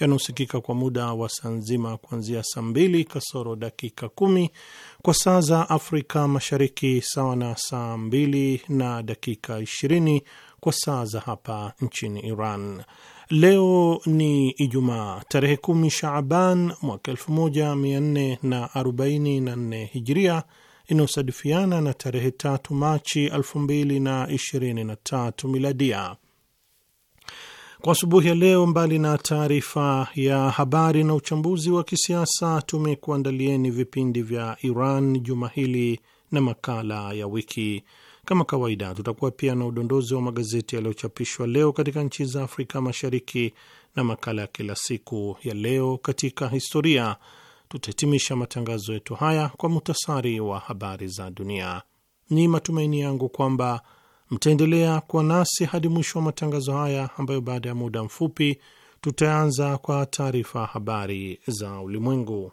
yanaosikika kwa muda wa saa nzima kuanzia saa mbili kasoro dakika kumi kwa saa za Afrika Mashariki, sawa na saa mbili na dakika ishirini kwa saa za hapa nchini Iran. Leo ni Ijumaa tarehe kumi Shaaban mwaka nne hijiria inayosadifiana na tarehe tatu Machi na tatu Miladia. Kwa asubuhi ya leo, mbali na taarifa ya habari na uchambuzi wa kisiasa, tumekuandalieni vipindi vya Iran juma hili na makala ya wiki. Kama kawaida, tutakuwa pia na udondozi wa magazeti yaliyochapishwa leo katika nchi za Afrika Mashariki na makala ya kila siku ya leo katika historia. Tutahitimisha matangazo yetu haya kwa muhtasari wa habari za dunia. Ni matumaini yangu kwamba Mtaendelea kuwa nasi hadi mwisho wa matangazo haya ambayo baada ya muda mfupi tutaanza kwa taarifa habari za ulimwengu.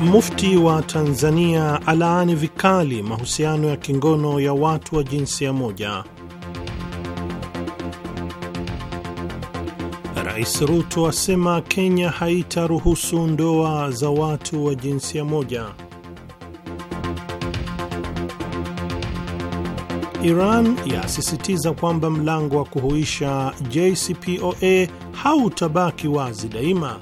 Mufti wa Tanzania alaani vikali mahusiano ya kingono ya watu wa jinsia moja. Rais Ruto asema Kenya haitaruhusu ndoa za watu wa jinsia moja. Iran yasisitiza kwamba mlango wa kuhuisha JCPOA hautabaki wazi daima.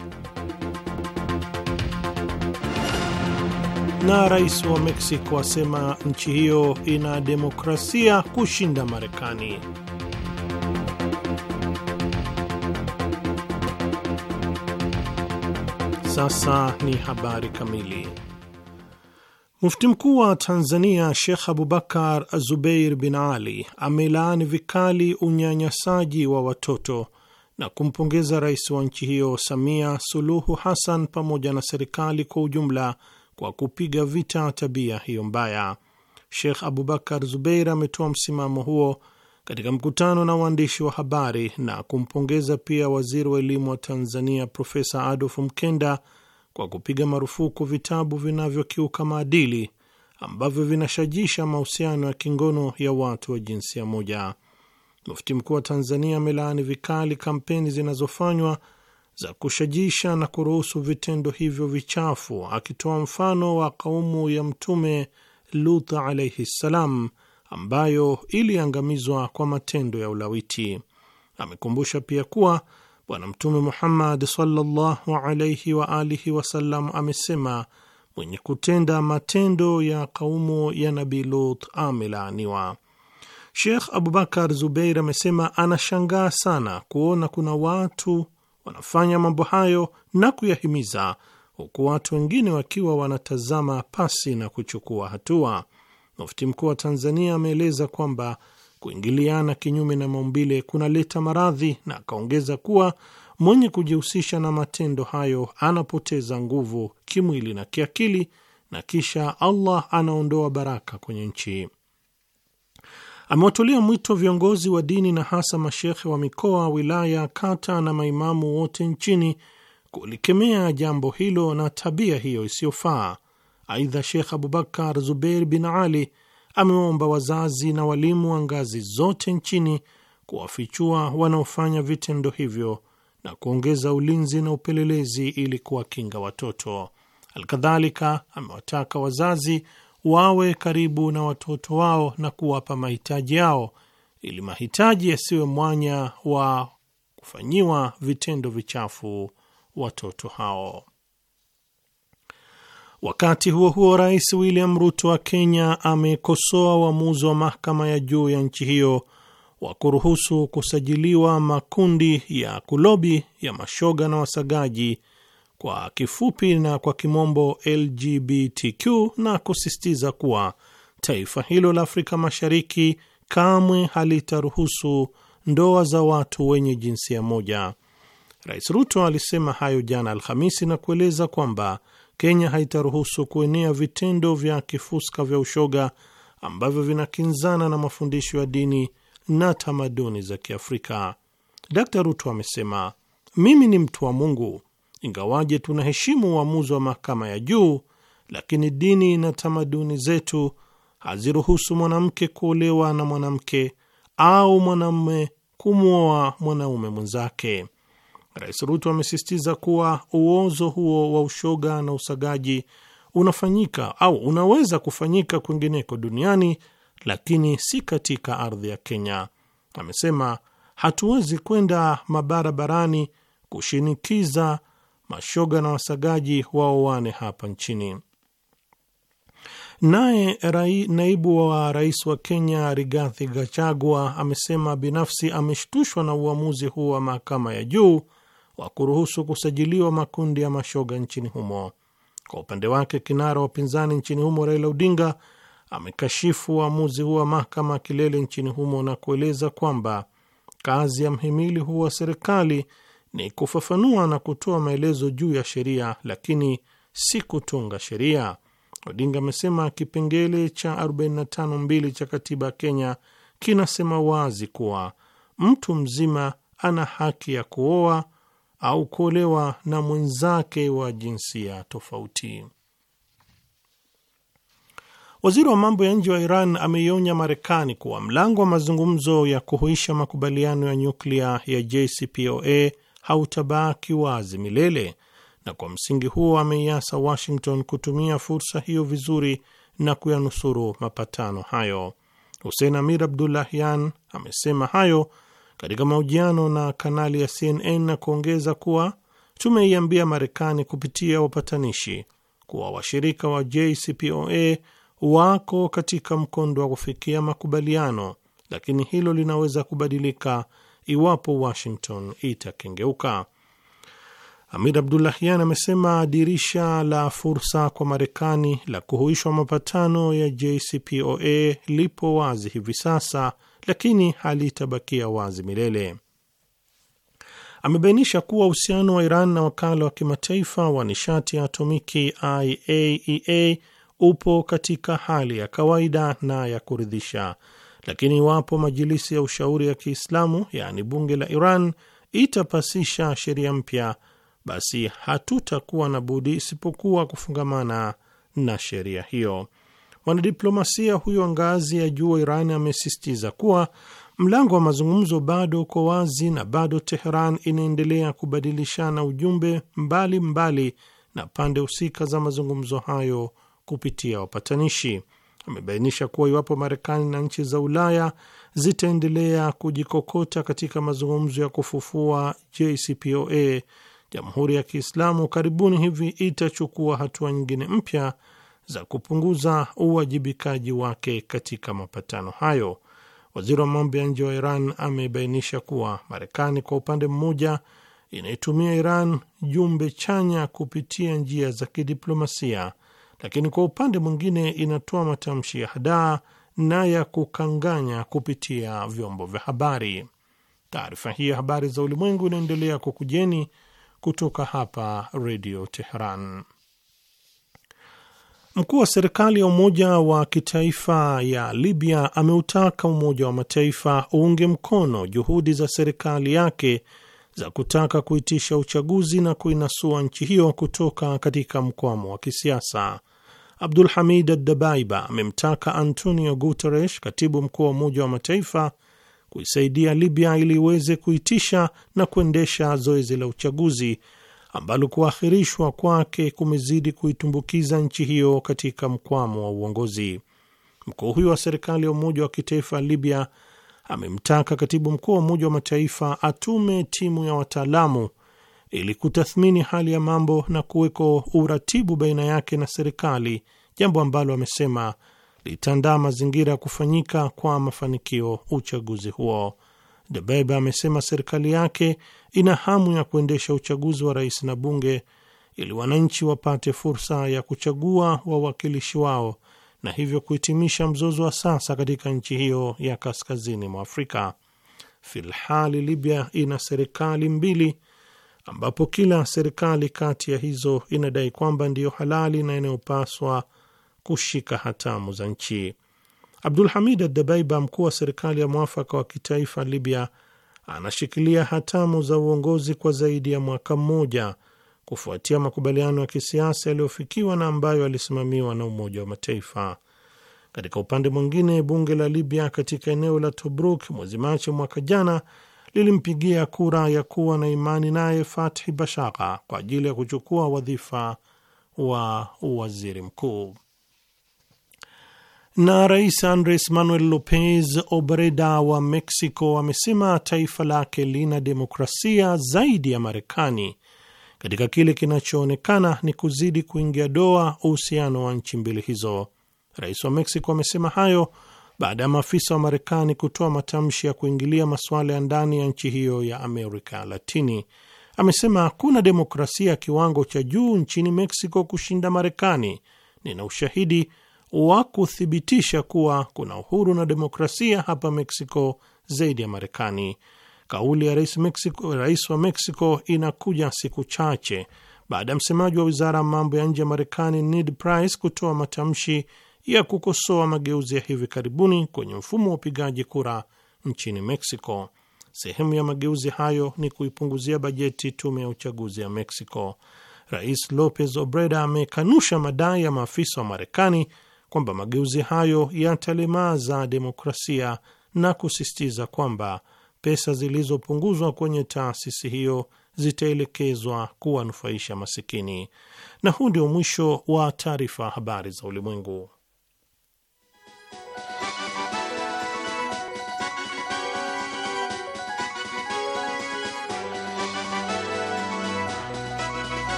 na rais wa Meksiko asema nchi hiyo ina demokrasia kushinda Marekani. Sasa ni habari kamili. Mufti mkuu wa Tanzania Shekh Abubakar Zubeir bin Ali amelaani vikali unyanyasaji wa watoto na kumpongeza rais wa nchi hiyo Samia Suluhu Hassan pamoja na serikali kwa ujumla kwa kupiga vita tabia hiyo mbaya. Sheikh Abubakar Zubeir ametoa msimamo huo katika mkutano na waandishi wa habari na kumpongeza pia waziri wa elimu wa Tanzania Profesa Adolf Mkenda kwa kupiga marufuku vitabu vinavyokiuka maadili ambavyo vinashajisha mahusiano ya kingono ya watu wa jinsia moja. Mufti mkuu wa Tanzania amelaani vikali kampeni zinazofanywa za kushajisha na kuruhusu vitendo hivyo vichafu, akitoa mfano wa kaumu ya Mtume lut alaihi ssalam ambayo iliangamizwa kwa matendo ya ulawiti. Amekumbusha pia kuwa Bwana Mtume Muhammad sallallahu alaihi wa alihi wasallam amesema, mwenye kutenda matendo ya kaumu ya nabi Lut amelaaniwa. Sheikh Abubakar Zubeir amesema anashangaa sana kuona kuna watu wanafanya mambo hayo na kuyahimiza, huku watu wengine wakiwa wanatazama pasi na kuchukua hatua. Mufti mkuu wa Tanzania ameeleza kwamba kuingiliana kinyume na maumbile kunaleta maradhi, na akaongeza kuwa mwenye kujihusisha na matendo hayo anapoteza nguvu kimwili na kiakili, na kisha Allah anaondoa baraka kwenye nchi amewatolea mwito viongozi wa dini na hasa mashekhe wa mikoa, wilaya, kata na maimamu wote nchini kulikemea jambo hilo na tabia hiyo isiyofaa. Aidha, Shekh Abubakar Zubeir bin Ali amewaomba wazazi na walimu wa ngazi zote nchini kuwafichua wanaofanya vitendo hivyo na kuongeza ulinzi na upelelezi ili kuwakinga watoto. Alkadhalika amewataka wazazi wawe karibu na watoto wao na kuwapa mahitaji yao, ili mahitaji yasiwe mwanya wa kufanyiwa vitendo vichafu watoto hao. Wakati huo huo, Rais William Ruto wa Kenya amekosoa uamuzi wa mahakama ya juu ya nchi hiyo wa kuruhusu kusajiliwa makundi ya kulobi ya mashoga na wasagaji kwa kifupi na kwa kimombo LGBTQ, na kusisitiza kuwa taifa hilo la Afrika Mashariki kamwe halitaruhusu ndoa za watu wenye jinsia moja. Rais Ruto alisema hayo jana Alhamisi na kueleza kwamba Kenya haitaruhusu kuenea vitendo vya kifuska vya ushoga ambavyo vinakinzana na mafundisho ya dini na tamaduni za Kiafrika. d Ruto amesema, mimi ni mtu wa Mungu Ingawaje tunaheshimu uamuzi wa mahakama ya juu, lakini dini na tamaduni zetu haziruhusu mwanamke kuolewa na mwanamke au mwanamume kumwoa mwanaume mwenzake. Rais Ruto amesisitiza kuwa uozo huo wa ushoga na usagaji unafanyika au unaweza kufanyika kwingineko duniani, lakini si katika ardhi ya Kenya. Amesema hatuwezi kwenda mabarabarani kushinikiza mashoga na wasagaji waoane hapa nchini. Naye naibu wa rais wa Kenya Rigathi Gachagua amesema binafsi ameshtushwa na uamuzi huu wa mahakama ya juu wa kuruhusu kusajiliwa makundi ya mashoga nchini humo. Kwa upande wake, kinara wa upinzani nchini humo Raila Odinga amekashifu uamuzi huu wa mahakama ya kilele nchini humo na kueleza kwamba kazi ya mhimili huu wa serikali ni kufafanua na kutoa maelezo juu ya sheria, lakini si kutunga sheria. Odinga amesema kipengele cha 452 cha katiba ya Kenya kinasema wazi kuwa mtu mzima ana haki ya kuoa au kuolewa na mwenzake wa jinsia tofauti. Waziri wa mambo ya nje wa Iran ameionya Marekani kuwa mlango wa mazungumzo ya kuhuisha makubaliano ya nyuklia ya JCPOA hautabaki wazi milele, na kwa msingi huo ameiasa Washington kutumia fursa hiyo vizuri na kuyanusuru mapatano hayo. Hussein Amir Abdullahyan amesema hayo katika mahojiano na kanali ya CNN na kuongeza kuwa tumeiambia Marekani kupitia wapatanishi kuwa washirika wa JCPOA wako katika mkondo wa kufikia makubaliano, lakini hilo linaweza kubadilika iwapo Washington itakengeuka. Amir Abdullahian amesema dirisha la fursa kwa Marekani la kuhuishwa mapatano ya JCPOA lipo wazi hivi sasa, lakini halitabakia wazi milele. Amebainisha kuwa uhusiano wa Iran na wakala wa kimataifa wa nishati ya atomiki IAEA e upo katika hali ya kawaida na ya kuridhisha lakini iwapo majilisi ya ushauri ya Kiislamu yaani bunge la Iran itapasisha sheria mpya, basi hatutakuwa na budi isipokuwa kufungamana na sheria hiyo. Mwanadiplomasia huyo wa ngazi ya juu wa Iran amesisitiza kuwa mlango wa mazungumzo bado uko wazi na bado Teheran inaendelea kubadilishana ujumbe mbalimbali mbali na pande husika za mazungumzo hayo kupitia wapatanishi amebainisha kuwa iwapo Marekani na nchi za Ulaya zitaendelea kujikokota katika mazungumzo ya kufufua JCPOA, Jamhuri ya Kiislamu karibuni hivi itachukua hatua nyingine mpya za kupunguza uwajibikaji wake katika mapatano hayo. Waziri wa mambo ya nje wa Iran amebainisha kuwa Marekani kwa upande mmoja inaitumia Iran jumbe chanya kupitia njia za kidiplomasia lakini kwa upande mwingine inatoa matamshi ya hadaa na ya kukanganya kupitia vyombo vya habari. Taarifa hii ya habari za ulimwengu inaendelea kukujeni kutoka hapa Redio Teheran. Mkuu wa serikali ya Umoja wa Kitaifa ya Libya ameutaka Umoja wa Mataifa uunge mkono juhudi za serikali yake za kutaka kuitisha uchaguzi na kuinasua nchi hiyo kutoka katika mkwamo wa kisiasa. Abdul Hamid Addabaiba amemtaka Antonio Guterres, katibu mkuu wa Umoja wa Mataifa, kuisaidia Libya ili iweze kuitisha na kuendesha zoezi la uchaguzi ambalo kuahirishwa kwake kumezidi kuitumbukiza nchi hiyo katika mkwamo wa uongozi. Mkuu huyo wa serikali ya umoja wa kitaifa Libya amemtaka katibu mkuu wa Umoja wa Mataifa atume timu ya wataalamu ili kutathmini hali ya mambo na kuweko uratibu baina yake na serikali jambo ambalo amesema litaandaa mazingira ya kufanyika kwa mafanikio uchaguzi huo. Debeba amesema serikali yake ina hamu ya kuendesha uchaguzi wa rais na bunge ili wananchi wapate fursa ya kuchagua wawakilishi wao na hivyo kuhitimisha mzozo wa sasa katika nchi hiyo ya kaskazini mwa Afrika. Filhali Libya ina serikali mbili, ambapo kila serikali kati ya hizo inadai kwamba ndiyo halali na inayopaswa kushika hatamu za nchi. Abdul Hamid adabaiba mkuu wa serikali ya mwafaka wa kitaifa Libya, anashikilia hatamu za uongozi kwa zaidi ya mwaka mmoja kufuatia makubaliano ya kisiasa yaliyofikiwa na ambayo alisimamiwa na Umoja wa Mataifa. Katika upande mwingine, bunge la Libya katika eneo la Tobruk mwezi Machi mwaka jana lilimpigia kura ya kuwa na imani naye Fathi Bashagha kwa ajili ya kuchukua wadhifa wa waziri mkuu. Na Rais Andres Manuel Lopez Obreda wa Mexico amesema taifa lake lina demokrasia zaidi ya Marekani katika kile kinachoonekana ni kuzidi kuingia doa uhusiano wa nchi mbili hizo. Rais wa Mexico amesema hayo baada ya maafisa wa Marekani kutoa matamshi ya kuingilia masuala ya ndani ya nchi hiyo ya Amerika Latini. Amesema hakuna demokrasia ya kiwango cha juu nchini Mexico kushinda Marekani. Nina ushahidi wa kuthibitisha kuwa kuna uhuru na demokrasia hapa Mexico zaidi ya Marekani. Kauli ya rais, Mexico, rais wa Mexico inakuja siku chache baada ya msemaji wa wizara ya mambo ya nje ya Marekani Ned Price kutoa matamshi ya kukosoa mageuzi ya hivi karibuni kwenye mfumo wa upigaji kura nchini Mexico. Sehemu ya mageuzi hayo ni kuipunguzia bajeti tume ya uchaguzi ya Mexico. Rais Lopez Obrador amekanusha madai ya maafisa wa Marekani kwamba mageuzi hayo yatalemaza demokrasia na kusisitiza kwamba pesa zilizopunguzwa kwenye taasisi hiyo zitaelekezwa kuwanufaisha masikini. Na huu ndio mwisho wa taarifa habari za ulimwengu.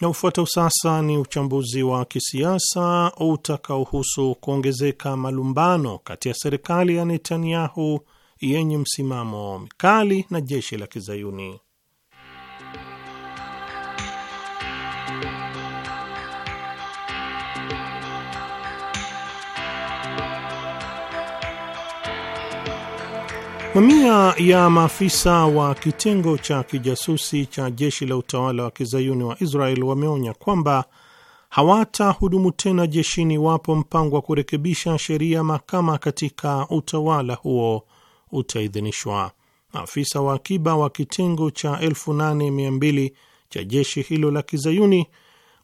Na ufuatao sasa ni uchambuzi wa kisiasa utakaohusu kuongezeka malumbano kati ya serikali ya Netanyahu yenye msimamo mikali na jeshi la Kizayuni. Mamia ya maafisa wa kitengo cha kijasusi cha jeshi la utawala wa kizayuni wa Israel wameonya kwamba hawatahudumu tena jeshini iwapo mpango wa kurekebisha sheria ya mahakama katika utawala huo utaidhinishwa. Maafisa wa akiba wa kitengo cha 8200 cha jeshi hilo la kizayuni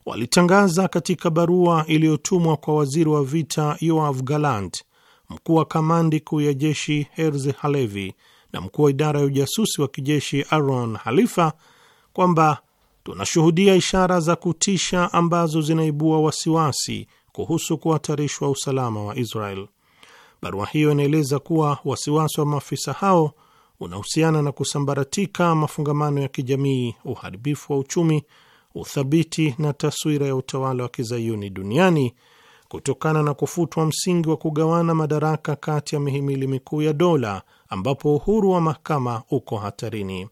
walitangaza katika barua iliyotumwa kwa waziri wa vita Yoav galand mkuu wa kamandi kuu ya jeshi herz Halevi na mkuu wa idara ya ujasusi wa kijeshi aron Halifa kwamba tunashuhudia ishara za kutisha ambazo zinaibua wasiwasi kuhusu kuhatarishwa usalama wa Israel. Barua hiyo inaeleza kuwa wasiwasi wa maafisa hao unahusiana na kusambaratika mafungamano ya kijamii, uharibifu wa uchumi, uthabiti na taswira ya utawala wa kizayuni duniani kutokana na kufutwa msingi wa kugawana madaraka kati ya mihimili mikuu ya dola ambapo uhuru wa mahakama uko hatarini.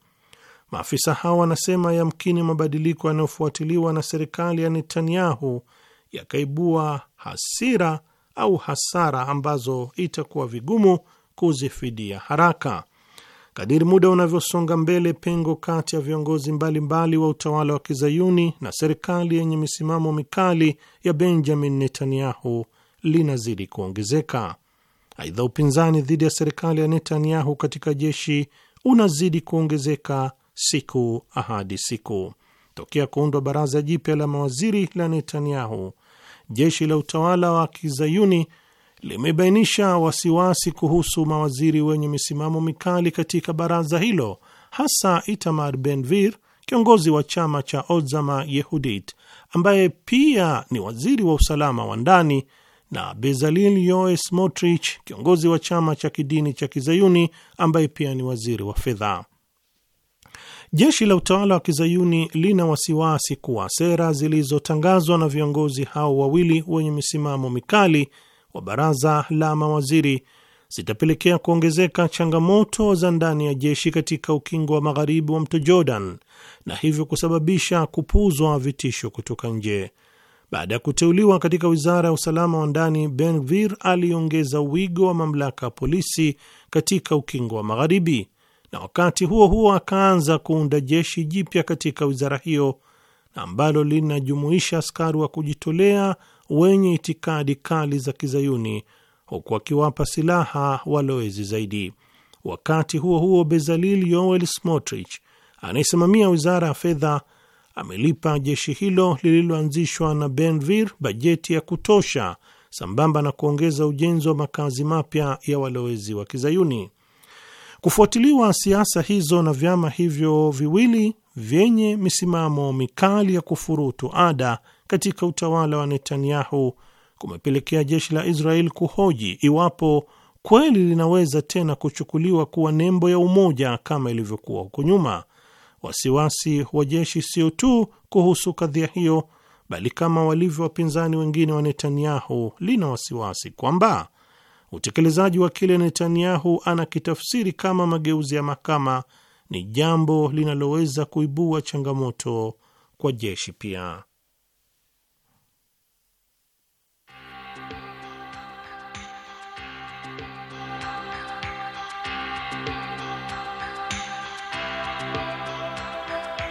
Maafisa hao wanasema yamkini mabadiliko yanayofuatiliwa na serikali ya Netanyahu yakaibua hasira au hasara ambazo itakuwa vigumu kuzifidia haraka. Kadiri muda unavyosonga mbele, pengo kati ya viongozi mbalimbali mbali wa utawala wa kizayuni na serikali yenye misimamo mikali ya Benjamin Netanyahu linazidi kuongezeka. Aidha, upinzani dhidi ya serikali ya Netanyahu katika jeshi unazidi kuongezeka siku hadi siku. Tokea kuundwa baraza jipya la mawaziri la Netanyahu, jeshi la utawala wa kizayuni limebainisha wasiwasi kuhusu mawaziri wenye misimamo mikali katika baraza hilo, hasa Itamar benvir kiongozi wa chama cha Otzama Yehudit ambaye pia ni waziri wa usalama wa ndani na bezalil yoes Smotrich, kiongozi wa chama cha kidini cha Kizayuni ambaye pia ni waziri wa fedha. Jeshi la utawala wa Kizayuni lina wasiwasi kuwa sera zilizotangazwa na viongozi hao wawili wenye misimamo mikali wa baraza la mawaziri zitapelekea kuongezeka changamoto za ndani ya jeshi katika ukingo wa magharibi wa mto Jordan na hivyo kusababisha kupuzwa vitisho kutoka nje. Baada ya kuteuliwa katika wizara ya usalama wa ndani, Ben Gvir aliongeza wigo wa mamlaka ya polisi katika ukingo wa magharibi, na wakati huo huo akaanza kuunda jeshi jipya katika wizara hiyo na ambalo linajumuisha askari wa kujitolea wenye itikadi kali za kizayuni huku akiwapa silaha walowezi zaidi. Wakati huo huo, Bezalil Yoel Smotrich anayesimamia wizara ya fedha amelipa jeshi hilo lililoanzishwa na Benvir bajeti ya kutosha sambamba na kuongeza ujenzi wa makazi mapya ya walowezi wa kizayuni. Kufuatiliwa siasa hizo na vyama hivyo viwili vyenye misimamo mikali ya kufurutu ada katika utawala wa Netanyahu kumepelekea jeshi la Israel kuhoji iwapo kweli linaweza tena kuchukuliwa kuwa nembo ya umoja kama ilivyokuwa huko nyuma. Wasiwasi wa jeshi sio tu kuhusu kadhia hiyo, bali kama walivyo wapinzani wengine wa Netanyahu, lina wasiwasi kwamba utekelezaji wa kile Netanyahu anakitafsiri kama mageuzi ya mahakama ni jambo linaloweza kuibua changamoto kwa jeshi pia.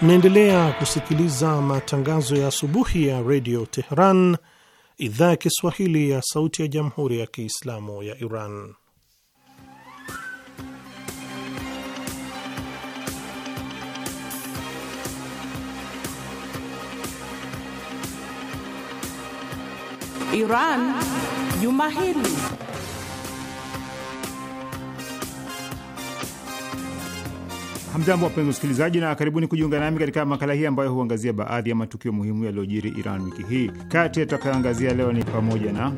Mnaendelea kusikiliza matangazo ya asubuhi ya redio Teheran, idhaa ya Kiswahili ya sauti ya jamhuri ya Kiislamu ya Iran. Iran Juma Hili. Hamjambo, wapenzi wasikilizaji, na karibuni kujiunga nami katika makala hii ambayo huangazia baadhi ya matukio muhimu yaliyojiri Iran wiki hii. Kati yatakayoangazia leo ni pamoja na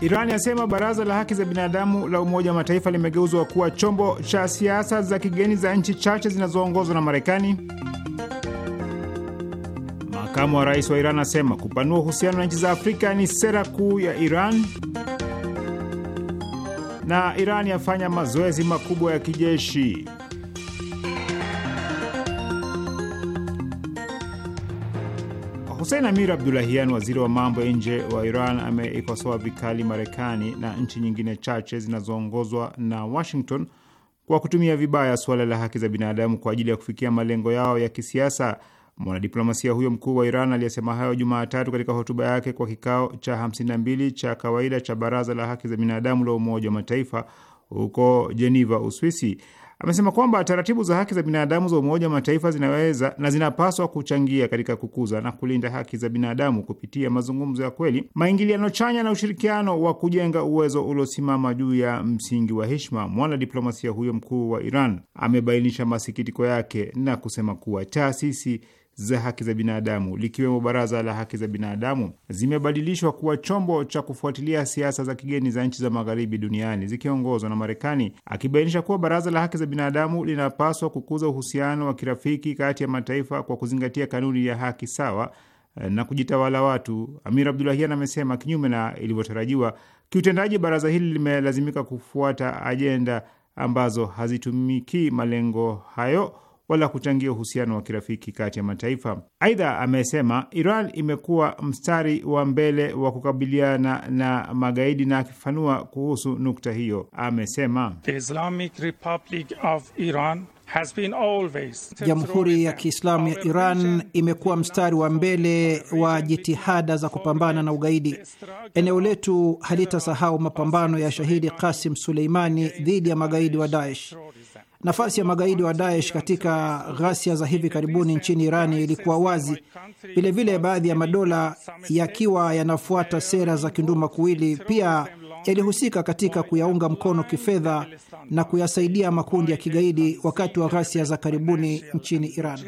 Iran yasema baraza la haki za binadamu la Umoja wa Mataifa limegeuzwa kuwa chombo cha siasa za kigeni za nchi chache zinazoongozwa na Marekani. Makamu wa rais wa Iran asema kupanua uhusiano na nchi za Afrika ni sera kuu ya Iran na Iran yafanya mazoezi makubwa ya kijeshi. Hussein Amir Abdulahian, waziri wa mambo ya nje wa Iran, ameikosoa vikali Marekani na nchi nyingine chache zinazoongozwa na Washington kwa kutumia vibaya suala la haki za binadamu kwa ajili ya kufikia malengo yao ya kisiasa. Mwanadiplomasia huyo mkuu wa Iran aliyesema hayo Jumatatu katika hotuba yake kwa kikao cha 52 cha kawaida cha Baraza la Haki za Binadamu la Umoja wa Mataifa huko Jeneva, Uswisi, amesema kwamba taratibu za haki za binadamu za Umoja wa Mataifa zinaweza na zinapaswa kuchangia katika kukuza na kulinda haki za binadamu kupitia mazungumzo ya kweli, maingiliano chanya na ushirikiano wa kujenga uwezo uliosimama juu ya msingi wa heshima. Mwanadiplomasia huyo mkuu wa Iran amebainisha masikitiko yake na kusema kuwa taasisi za haki za binadamu likiwemo Baraza la Haki za Binadamu zimebadilishwa kuwa chombo cha kufuatilia siasa za kigeni za nchi za magharibi duniani zikiongozwa na Marekani, akibainisha kuwa Baraza la Haki za Binadamu linapaswa kukuza uhusiano wa kirafiki kati ya mataifa kwa kuzingatia kanuni ya haki sawa eh, na kujitawala watu. Amir Abdulahian amesema kinyume na ilivyotarajiwa kiutendaji, baraza hili limelazimika kufuata ajenda ambazo hazitumikii malengo hayo wala kuchangia uhusiano wa kirafiki kati ya mataifa. Aidha, amesema Iran imekuwa mstari wa mbele wa kukabiliana na magaidi, na akifafanua kuhusu nukta hiyo amesema The Islamic Republic of Iran Jamhuri ya Kiislamu ya Iran imekuwa mstari wa mbele wa jitihada za kupambana na ugaidi. Eneo letu halitasahau mapambano ya shahidi kasim Suleimani dhidi ya magaidi wa Daesh. Nafasi ya magaidi wa Daesh katika ghasia za hivi karibuni nchini Irani ilikuwa wazi. Vilevile, baadhi ya madola yakiwa yanafuata sera za kinduma kuwili pia yalihusika katika kuyaunga mkono kifedha na kuyasaidia makundi ya kigaidi wakati wa ghasia za karibuni nchini Iran.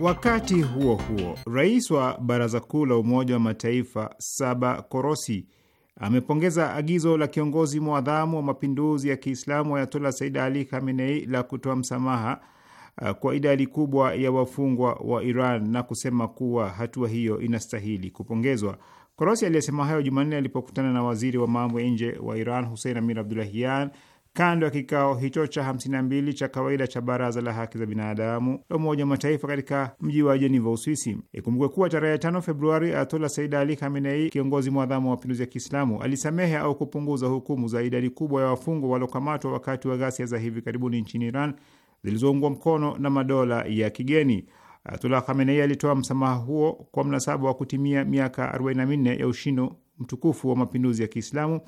Wakati huo huo, rais wa Baraza Kuu la Umoja wa Mataifa Saba Korosi amepongeza agizo la kiongozi mwadhamu wa mapinduzi ya Kiislamu Ayatola Said Ali Khamenei la kutoa msamaha Uh, kwa idadi kubwa ya wafungwa wa Iran na kusema kuwa hatua hiyo inastahili kupongezwa. Korosi aliyesema hayo Jumanne alipokutana na waziri wa mambo ya nje wa Iran Hussein Amir Abdulahian kando ya kikao hicho cha 52 cha kawaida cha baraza la haki za binadamu la Umoja wa Mataifa katika mji wa Jeneva, Uswisi. Ikumbukwe kuwa tarehe 5 Februari Atola Said Ali Khamenei, kiongozi mwadhamu wa mapinduzi ya Kiislamu, alisamehe au kupunguza hukumu za idadi kubwa ya wafungwa waliokamatwa wakati wa ghasia za hivi karibuni nchini Iran zilizoungwa mkono na madola ya kigeni. Ayatullah Khamenei alitoa msamaha huo kwa mnasaba wa kutimia miaka 44 ya ushindi mtukufu wa mapinduzi ya Kiislamu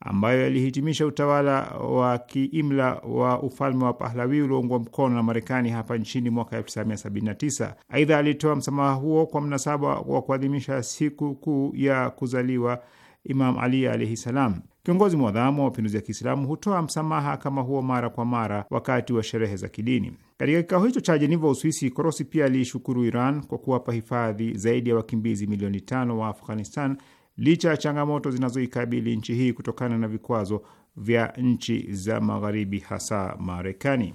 ambayo yalihitimisha utawala wa kiimla wa ufalme wa Pahlawi ulioungwa mkono na Marekani hapa nchini mwaka 1979. Aidha, alitoa msamaha huo kwa mnasaba wa kuadhimisha siku kuu ya kuzaliwa Imam Ali alaihi salam. Kiongozi mwadhamu wa mapinduzi ya Kiislamu hutoa msamaha kama huo mara kwa mara wakati wa sherehe za kidini. Katika kikao hicho cha jeniva Uswisi, Korosi pia aliishukuru Iran kwa kuwapa hifadhi zaidi ya wakimbizi milioni tano wa Afghanistan licha ya changamoto zinazoikabili nchi hii kutokana na vikwazo vya nchi za Magharibi, hasa Marekani.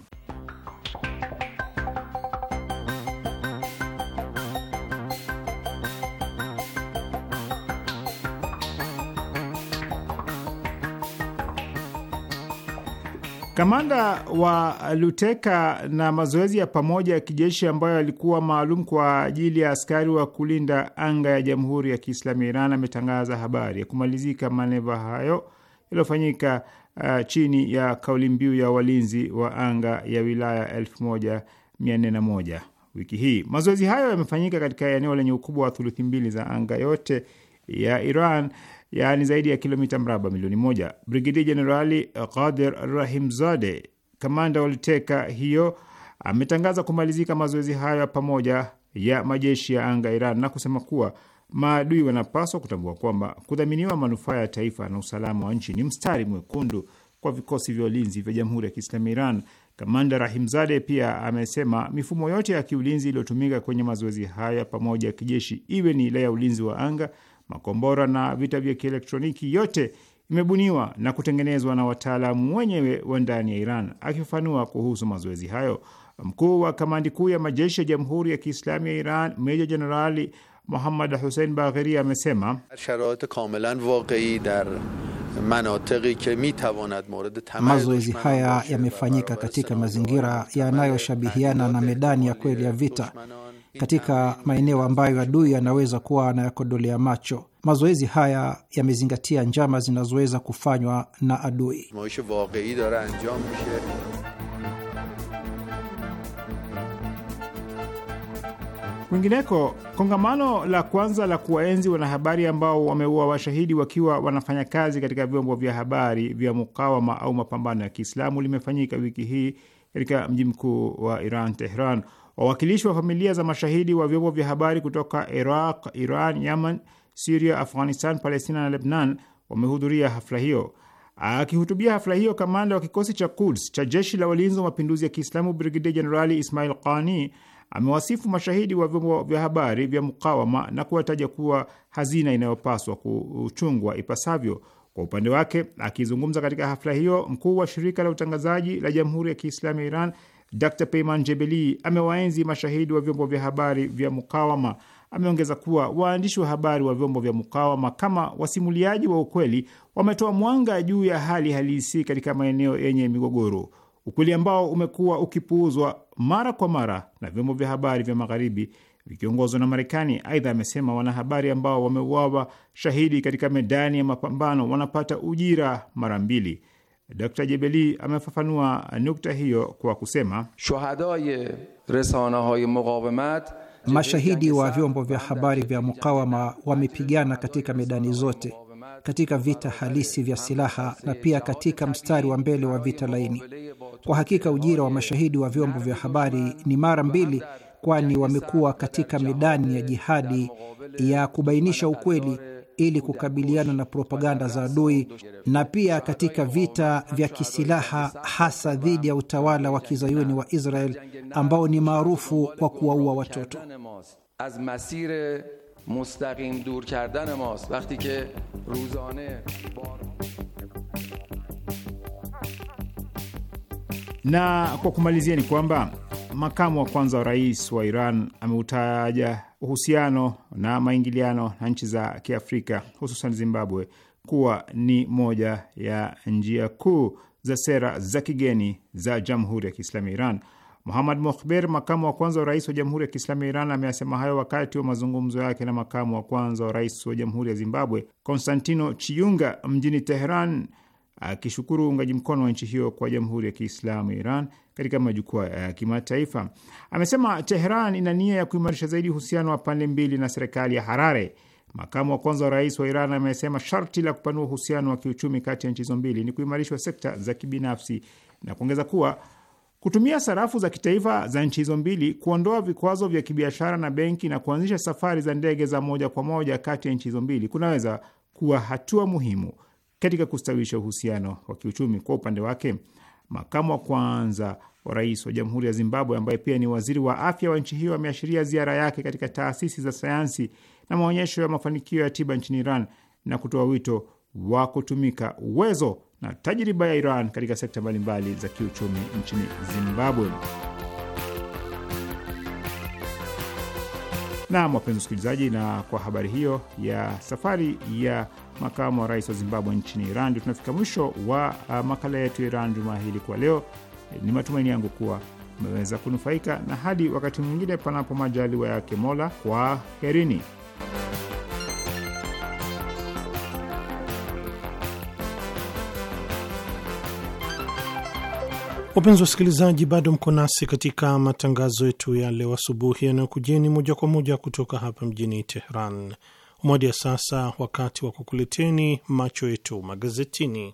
Kamanda wa Luteka na mazoezi ya pamoja ya kijeshi ambayo yalikuwa maalum kwa ajili ya askari wa kulinda anga ya Jamhuri ya Kiislamu ya Iran ametangaza habari ya kumalizika maneva hayo yaliyofanyika uh, chini ya kauli mbiu ya walinzi wa anga ya wilaya 1401 wiki hii. Mazoezi hayo yamefanyika katika eneo lenye ukubwa wa thuluthi mbili za anga yote ya Iran yaani zaidi ya kilomita mraba milioni moja. Brigedia Jenerali eh, Qadir Rahimzade, kamanda waliteka hiyo, ametangaza kumalizika mazoezi hayo ya pamoja ya majeshi ya anga Iran na kusema kuwa maadui wanapaswa kutambua kwamba kudhaminiwa manufaa ya taifa na usalama wa nchi ni mstari mwekundu kwa vikosi vya ulinzi vya Jamhuri ya Kiislamu Iran. Kamanda Rahimzade pia amesema mifumo yote ya kiulinzi iliyotumika kwenye mazoezi haya pamoja ya kijeshi, iwe ni ile ya ulinzi wa anga makombora na vita vya kielektroniki, yote imebuniwa na kutengenezwa na wataalamu wenyewe wa ndani ya Iran. Akifafanua kuhusu mazoezi hayo, mkuu wa kamandi kuu ya majeshi ya Jamhuri ya Kiislamu ya Iran meja jenerali Muhammad Hussein Bagheri amesema mazoezi haya yamefanyika katika mazingira yanayoshabihiana na medani ya kweli ya vita katika maeneo ambayo adui anaweza kuwa anayakodolea macho. Mazoezi haya yamezingatia njama zinazoweza kufanywa na adui. Kwingineko, kongamano la kwanza la kuwaenzi wanahabari ambao wameua washahidi wakiwa wanafanya kazi katika vyombo vya habari vya mukawama au mapambano ya Kiislamu limefanyika wiki hii katika mji mkuu wa Iran, Tehran. Wawakilishi wa familia za mashahidi wa vyombo vya habari kutoka Iraq, Iran, Yaman, Siria, Afghanistan, Palestina na Lebnan wamehudhuria hafla hiyo. Akihutubia hafla hiyo, kamanda wa kikosi cha Quds cha jeshi la walinzi wa mapinduzi ya Kiislamu Brigedia Jenerali Ismail Qani amewasifu mashahidi wa vyombo vya habari vya mukawama na kuwataja kuwa hazina inayopaswa kuchungwa ipasavyo. Kwa upande wake, akizungumza katika hafla hiyo, mkuu wa shirika la utangazaji la Jamhuri ya Kiislamu ya Iran Dr Peyman Jebeli amewaenzi mashahidi wa vyombo vya habari vya mukawama. Ameongeza kuwa waandishi wa habari wa vyombo vya mukawama kama wasimuliaji wa ukweli wametoa mwanga juu ya hali halisi katika maeneo yenye migogoro, ukweli ambao umekuwa ukipuuzwa mara kwa mara na vyombo vya habari vya magharibi vikiongozwa na Marekani. Aidha, amesema wanahabari ambao wameuawa shahidi katika medani ya mapambano wanapata ujira mara mbili. Dr Jebeli amefafanua nukta hiyo kwa kusema shuhadaye resanahay muqawamat Mashahidi wa vyombo vya habari vya mukawama wamepigana katika medani zote, katika vita halisi vya silaha na pia katika mstari wa mbele wa vita laini. Kwa hakika ujira wa mashahidi wa vyombo vya habari ni mara mbili, kwani wamekuwa katika medani ya jihadi ya kubainisha ukweli ili kukabiliana na propaganda za adui na pia katika vita vya kisilaha hasa dhidi ya utawala wa kizayuni wa Israel ambao ni maarufu kwa kuwaua watoto. Na kwa kumalizia ni kwamba makamu wa kwanza wa rais wa Iran ameutaja uhusiano na maingiliano na nchi za Kiafrika hususan Zimbabwe kuwa ni moja ya njia kuu za sera za kigeni za Jamhuri ya Kiislamu ya Iran. Muhamad Mohber, makamu wa kwanza wa rais wa Jamhuri ya Kiislamu ya Iran, ameyasema hayo wakati wa mazungumzo yake na makamu wa kwanza wa rais wa Jamhuri ya Zimbabwe Konstantino Chiyunga mjini Teheran, akishukuru uungaji mkono wa nchi hiyo kwa Jamhuri ya Kiislamu ya Iran katika majukwaa ya kimataifa. Amesema Tehran ina nia ya kuimarisha zaidi uhusiano wa pande mbili na serikali ya Harare. Makamu wa kwanza wa rais wa Iran amesema sharti la kupanua uhusiano wa kiuchumi kati ya nchi hizo mbili ni kuimarishwa sekta za kibinafsi na kuongeza kuwa kutumia sarafu za kitaifa za nchi hizo mbili, kuondoa vikwazo vya kibiashara na benki na kuanzisha safari za ndege za moja kwa moja kati ya nchi hizo mbili kunaweza kuwa hatua muhimu katika kustawisha uhusiano wa kiuchumi. Kwa upande wake, makamu wa kwanza wa rais wa Jamhuri ya Zimbabwe ambaye pia ni waziri wa afya wa nchi hiyo ameashiria ziara yake katika taasisi za sayansi na maonyesho ya mafanikio ya tiba nchini Iran na kutoa wito wa kutumika uwezo na tajriba ya Iran katika sekta mbalimbali za kiuchumi nchini Zimbabwe. Naam, wapenzi wasikilizaji, na kwa habari hiyo ya safari ya makamu wa rais wa Zimbabwe nchini Iran. Ndio tunafika mwisho wa ah, makala yetu Iran juma hili kwa leo. Ni matumaini yangu kuwa umeweza kunufaika, na hadi wakati mwingine, panapo majaliwa yake Mola, kwa herini. Wapenzi wasikilizaji, bado mko nasi katika matangazo yetu ya leo asubuhi yanayokujieni moja kwa moja kutoka hapa mjini Teheran moja sasa wakati wa kukuleteni macho yetu magazetini.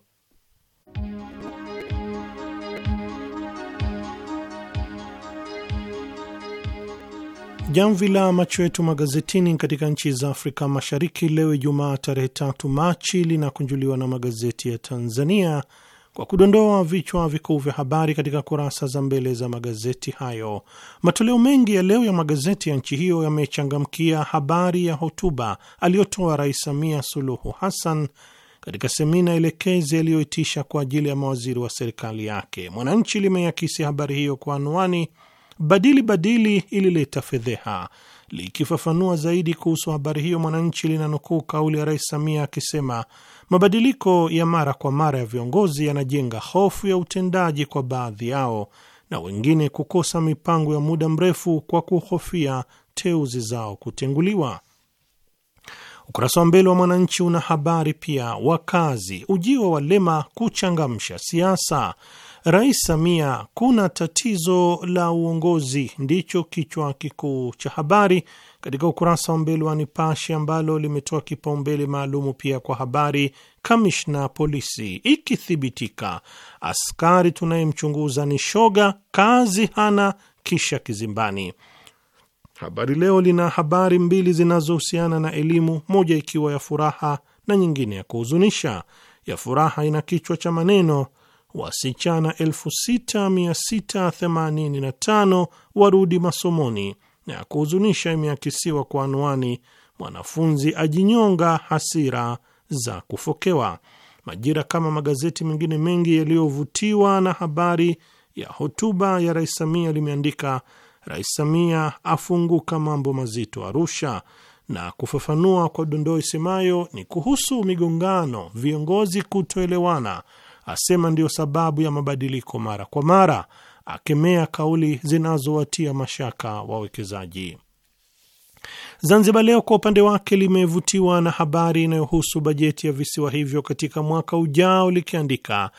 Jamvi la macho yetu magazetini katika nchi za Afrika Mashariki leo Ijumaa tarehe tatu Machi linakunjuliwa na magazeti ya Tanzania kwa kudondoa vichwa vikuu vya habari katika kurasa za mbele za magazeti hayo. Matoleo mengi ya leo ya magazeti ya nchi hiyo yamechangamkia habari ya hotuba aliyotoa Rais Samia Suluhu Hassan katika semina elekezi aliyoitisha kwa ajili ya mawaziri wa serikali yake. Mwananchi limeyakisi habari hiyo kwa anwani badili badili ilileta fedheha. Likifafanua zaidi kuhusu habari hiyo, Mwananchi linanukuu kauli ya Rais Samia akisema Mabadiliko ya mara kwa mara ya viongozi yanajenga hofu ya utendaji kwa baadhi yao na wengine kukosa mipango ya muda mrefu kwa kuhofia teuzi zao kutenguliwa. Ukurasa wa mbele wa Mwananchi una habari pia, wakazi ujio wa Lema kuchangamsha siasa Rais Samia, kuna tatizo la uongozi, ndicho kichwa kikuu cha habari katika ukurasa wa mbele wa nipashi ambalo limetoa kipaumbele maalumu pia kwa habari kamishna polisi, ikithibitika askari tunayemchunguza ni shoga, kazi hana, kisha kizimbani. Habari Leo lina habari mbili zinazohusiana na elimu, moja ikiwa ya furaha na nyingine ya kuhuzunisha. Ya furaha ina kichwa cha maneno wasichana 6685 warudi masomoni, na ya kuhuzunisha imeakisiwa kwa anwani mwanafunzi ajinyonga hasira za kufokewa. Majira kama magazeti mengine mengi yaliyovutiwa na habari ya hotuba ya Rais Samia limeandika Rais Samia afunguka mambo mazito Arusha na kufafanua kwa dondoo isemayo ni kuhusu migongano, viongozi kutoelewana asema ndiyo sababu ya mabadiliko mara kwa mara, akemea kauli zinazowatia mashaka wawekezaji. Zanzibar Leo kwa upande wake limevutiwa na habari inayohusu bajeti ya visiwa hivyo katika mwaka ujao, likiandika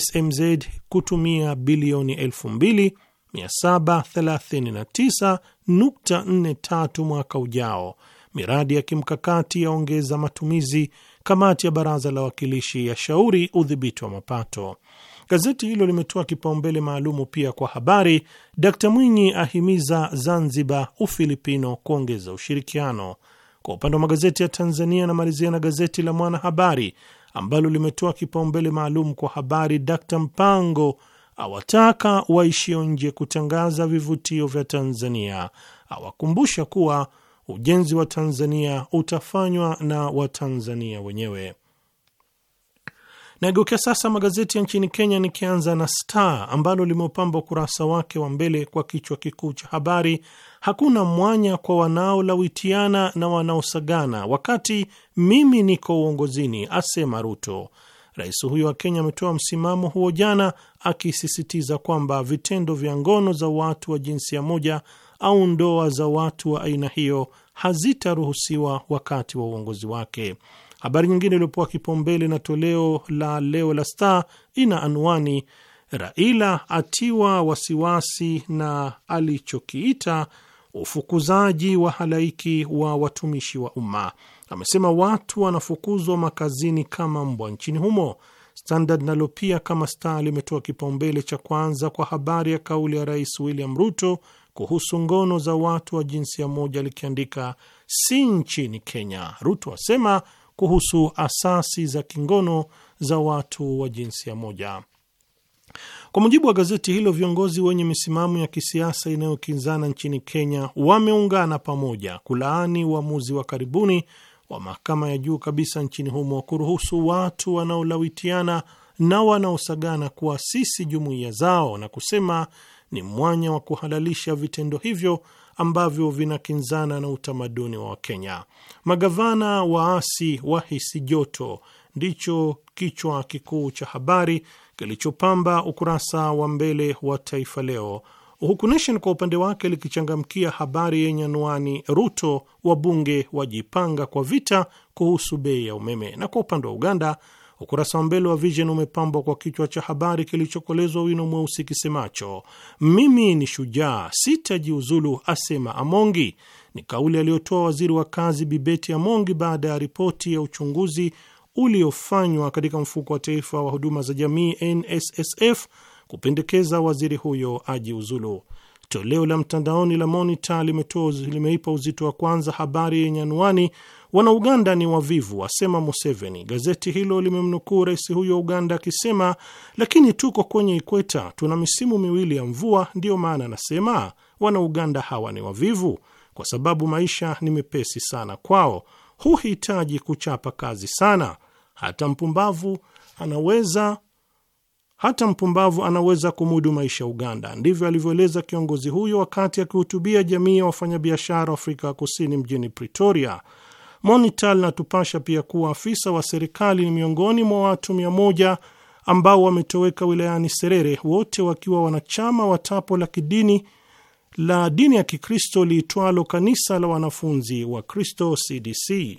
SMZ kutumia bilioni 2739.43 mwaka ujao. Miradi ya kimkakati yaongeza matumizi kamati ya baraza la wawakilishi ya shauri udhibiti wa mapato. Gazeti hilo limetoa kipaumbele maalumu pia kwa habari Dkt Mwinyi ahimiza Zanzibar Ufilipino kuongeza ushirikiano. Kwa upande wa magazeti ya Tanzania, namalizia na gazeti la Mwanahabari ambalo limetoa kipaumbele maalum kwa habari Dkt Mpango awataka waishio nje kutangaza vivutio vya Tanzania, awakumbusha kuwa ujenzi wa Tanzania utafanywa na Watanzania wenyewe. Naigokea sasa magazeti ya nchini Kenya, nikianza na Star ambalo limeupamba ukurasa wake wa mbele kwa kichwa kikuu cha habari, hakuna mwanya kwa wanaolawitiana na wanaosagana wakati mimi niko uongozini, asema Ruto. Rais huyo wa Kenya ametoa msimamo huo jana, akisisitiza kwamba vitendo vya ngono za watu wa jinsia moja au ndoa za watu wa aina hiyo hazitaruhusiwa wakati wa uongozi wake. Habari nyingine iliyopewa kipaumbele na toleo la leo la Star ina anwani Raila atiwa wasiwasi na alichokiita ufukuzaji wa halaiki wa watumishi wa umma. Amesema watu wanafukuzwa makazini kama mbwa nchini humo. Standard nalo pia kama Star limetoa kipaumbele cha kwanza kwa habari ya kauli ya Rais William Ruto kuhusu ngono za watu wa jinsia moja likiandika, si nchini Kenya. Ruto asema kuhusu asasi za kingono za watu wa jinsia moja. Kwa mujibu wa gazeti hilo, viongozi wenye misimamo ya kisiasa inayokinzana nchini Kenya wameungana pamoja kulaani uamuzi wa karibuni wa mahakama ya juu kabisa nchini humo kuruhusu watu wanaolawitiana na wanaosagana kuasisi jumuiya zao na kusema ni mwanya wa kuhalalisha vitendo hivyo ambavyo vinakinzana na utamaduni wa Wakenya. Magavana waasi wahisi joto ndicho kichwa kikuu cha habari kilichopamba ukurasa wa mbele wa Taifa Leo, huku Nation kwa upande wake likichangamkia habari yenye anwani Ruto wabunge wajipanga kwa vita kuhusu bei ya umeme. Na kwa upande wa Uganda Ukurasa wa mbele wa Vision umepambwa kwa kichwa cha habari kilichokolezwa wino mweusi kisemacho, mimi ni shujaa sitajiuzulu, asema Amongi. Ni kauli aliyotoa waziri wa kazi Bibeti Amongi baada ya ripoti ya uchunguzi uliofanywa katika mfuko wa taifa wa huduma za jamii NSSF kupendekeza waziri huyo ajiuzulu. Toleo la mtandaoni la Monita limeipa uzito wa kwanza habari yenye anwani Wanauganda ni wavivu, asema Museveni. Gazeti hilo limemnukuu rais huyo wa Uganda akisema, lakini tuko kwenye ikweta, tuna misimu miwili ya mvua, ndiyo maana anasema Wanauganda hawa ni wavivu, kwa sababu maisha ni mepesi sana kwao, huhitaji kuchapa kazi sana. Hata mpumbavu anaweza hata mpumbavu anaweza kumudu maisha Uganda. Ndivyo alivyoeleza kiongozi huyo wakati akihutubia jamii ya wafanyabiashara Afrika Kusini mjini Pretoria, Monitor linatupasha pia kuwa afisa wa serikali ni miongoni mwa watu mia moja ambao wametoweka wilayani Serere, wote wakiwa wanachama wa tapo la kidini la dini ya Kikristo liitwalo Kanisa la Wanafunzi wa Kristo, CDC.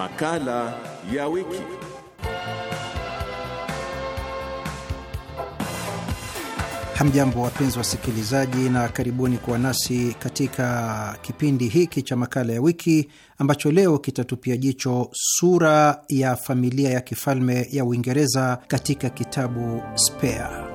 Makala ya wiki. Hamjambo, wapenzi wasikilizaji, na karibuni kuwa nasi katika kipindi hiki cha makala ya wiki ambacho leo kitatupia jicho sura ya familia ya kifalme ya Uingereza katika kitabu Spare.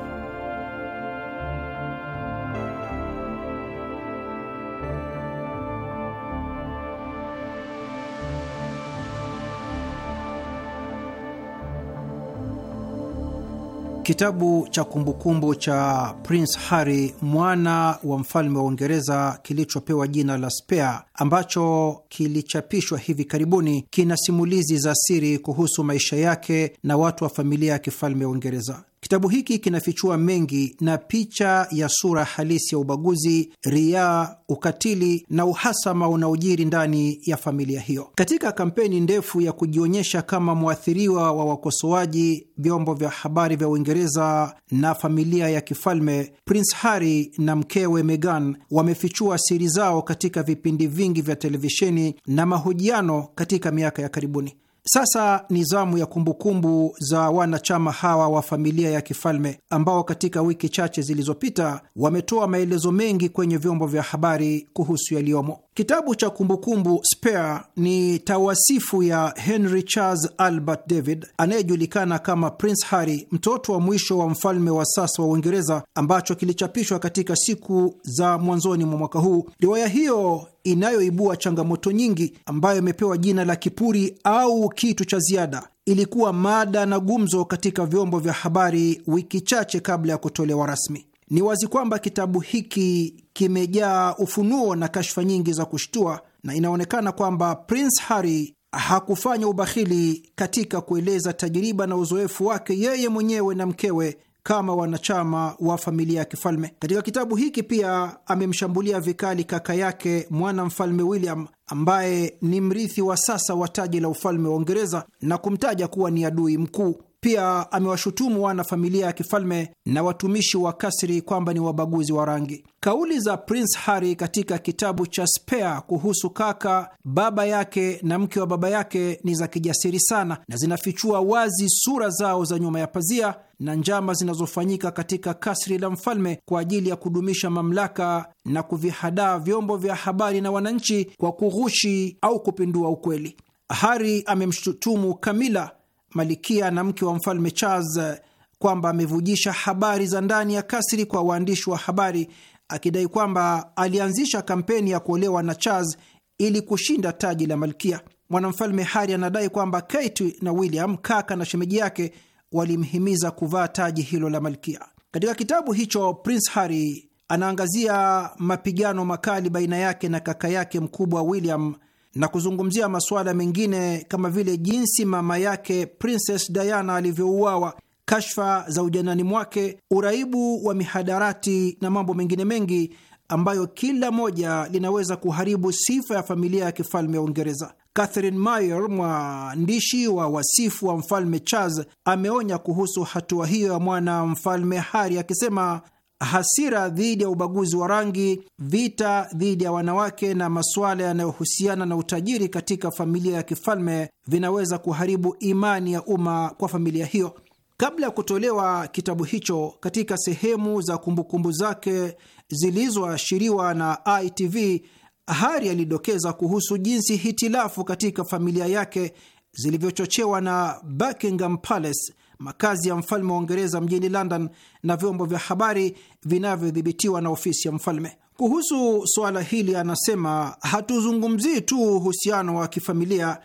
Kitabu cha kumbukumbu cha Prince Harry mwana wa mfalme wa Uingereza kilichopewa jina la Spare ambacho kilichapishwa hivi karibuni kina simulizi za siri kuhusu maisha yake na watu wa familia ya kifalme ya Uingereza. Kitabu hiki kinafichua mengi na picha ya sura halisi ya ubaguzi, riaa, ukatili na uhasama unaojiri ndani ya familia hiyo. Katika kampeni ndefu ya kujionyesha kama mwathiriwa wa wakosoaji, vyombo vya habari vya Uingereza na familia ya kifalme, Prince Harry na mkewe Meghan wamefichua siri zao katika vipindi vingi vya televisheni na mahojiano katika miaka ya karibuni. Sasa ni zamu ya kumbukumbu za wanachama hawa wa familia ya kifalme ambao katika wiki chache zilizopita wametoa maelezo mengi kwenye vyombo vya habari kuhusu yaliyomo. Kitabu cha kumbukumbu Spare ni tawasifu ya Henry Charles Albert David anayejulikana kama Prince Harry, mtoto wa mwisho wa mfalme wa sasa wa Uingereza, ambacho kilichapishwa katika siku za mwanzoni mwa mwaka huu. Riwaya hiyo inayoibua changamoto nyingi, ambayo imepewa jina la kipuri au kitu cha ziada, ilikuwa mada na gumzo katika vyombo vya habari wiki chache kabla ya kutolewa rasmi. Ni wazi kwamba kitabu hiki kimejaa ufunuo na kashfa nyingi za kushtua, na inaonekana kwamba Prince Harry hakufanya ubahili katika kueleza tajiriba na uzoefu wake yeye mwenyewe na mkewe kama wanachama wa familia ya kifalme. Katika kitabu hiki pia amemshambulia vikali kaka yake mwana mfalme William ambaye ni mrithi wa sasa wa taji la ufalme wa Uingereza na kumtaja kuwa ni adui mkuu. Pia amewashutumu wana familia ya kifalme na watumishi wa kasri kwamba ni wabaguzi wa rangi. Kauli za Prince Harry katika kitabu cha Spare kuhusu kaka, baba yake na mke wa baba yake ni za kijasiri sana na zinafichua wazi sura zao za nyuma ya pazia na njama zinazofanyika katika kasri la mfalme kwa ajili ya kudumisha mamlaka na kuvihadaa vyombo vya habari na wananchi kwa kughushi au kupindua ukweli. Harry amemshutumu Kamila malikia na mke wa mfalme Charles eh, kwamba amevujisha habari za ndani ya kasri kwa waandishi wa habari, akidai kwamba alianzisha kampeni ya kuolewa na Charles ili kushinda taji la malkia. Mwanamfalme Harry anadai kwamba Kate na William, kaka na shemeji yake, walimhimiza kuvaa taji hilo la malkia. Katika kitabu hicho, Prince Harry anaangazia mapigano makali baina yake na kaka yake mkubwa William na kuzungumzia masuala mengine kama vile jinsi mama yake Princess Diana alivyouawa, kashfa za ujanani mwake, uraibu wa mihadarati na mambo mengine mengi ambayo kila moja linaweza kuharibu sifa ya familia ya kifalme ya Uingereza. Catherine Mayer, mwandishi wa wasifu wa mfalme Charles, ameonya kuhusu hatua hiyo ya mwana mfalme Harry akisema hasira dhidi ya ubaguzi wa rangi, vita dhidi ya wanawake na masuala yanayohusiana na utajiri katika familia ya kifalme vinaweza kuharibu imani ya umma kwa familia hiyo. Kabla ya kutolewa kitabu hicho, katika sehemu za kumbukumbu zake zilizoashiriwa na ITV, Hari alidokeza kuhusu jinsi hitilafu katika familia yake zilivyochochewa na Buckingham Palace makazi ya mfalme wa Uingereza mjini London na vyombo vya habari vinavyodhibitiwa na ofisi ya mfalme. Kuhusu suala hili, anasema hatuzungumzii tu uhusiano wa kifamilia,